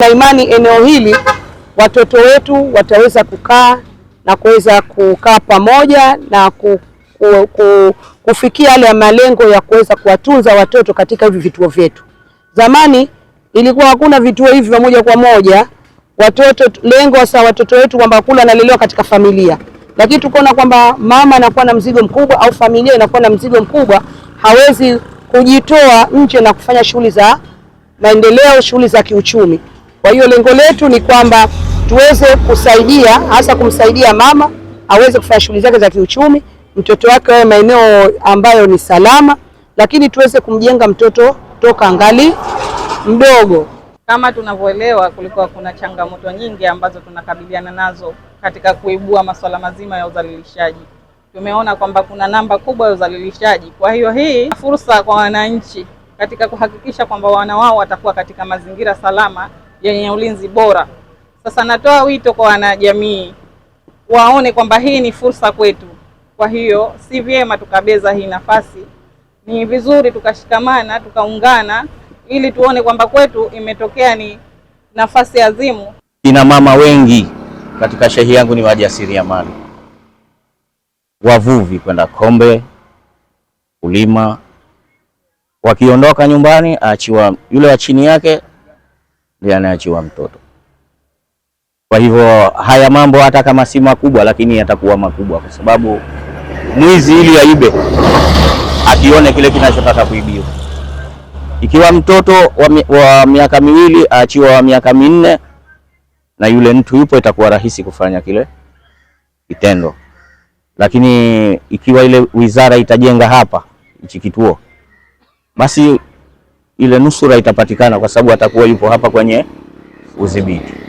Na imani eneo hili watoto wetu wataweza kukaa na kuweza kukaa pamoja na ku, ku, ku, kufikia yale malengo ya kuweza kuwatunza watoto katika hivi vituo vyetu. Zamani ilikuwa hakuna vituo hivi vya moja kwa moja watoto, lengo hasa watoto wetu kwamba kula analelewa katika familia, lakini tukaona kwamba mama anakuwa na mzigo mkubwa au familia inakuwa na mzigo mkubwa, hawezi kujitoa nje na kufanya shughuli za maendeleo, shughuli za kiuchumi. Kwa hiyo lengo letu ni kwamba tuweze kusaidia hasa kumsaidia mama aweze kufanya shughuli zake za kiuchumi, mtoto wake awe maeneo ambayo ni salama, lakini tuweze kumjenga mtoto toka angali mdogo. Kama tunavyoelewa, kulikuwa kuna changamoto nyingi ambazo tunakabiliana nazo katika kuibua masuala mazima ya udhalilishaji. Tumeona kwamba kuna namba kubwa ya udhalilishaji, kwa hiyo hii fursa kwa wananchi katika kuhakikisha kwamba wana wao watakuwa katika mazingira salama yenye ulinzi bora. Sasa natoa wito kwa wanajamii waone kwamba hii ni fursa kwetu, kwa hiyo si vyema tukabeza hii nafasi. Ni vizuri tukashikamana, tukaungana ili tuone kwamba kwetu imetokea ni nafasi azimu. Kina mama wengi katika shehi yangu ni wajasiriamali, wavuvi kwenda kombe kulima, wakiondoka nyumbani aachiwa yule wa chini yake ndiye anayeachiwa mtoto. Kwa hivyo haya mambo hata kama si makubwa, lakini yatakuwa makubwa, kwa sababu mwizi ili aibe akione kile kinachotaka kuibiwa. Ikiwa mtoto wa miaka miwili aachiwa wa miaka minne na yule mtu yupo, itakuwa rahisi kufanya kile kitendo, lakini ikiwa ile wizara itajenga hapa hichi kituo, basi ile nusura itapatikana, kwa sababu atakuwa yupo hapa kwenye udhibiti.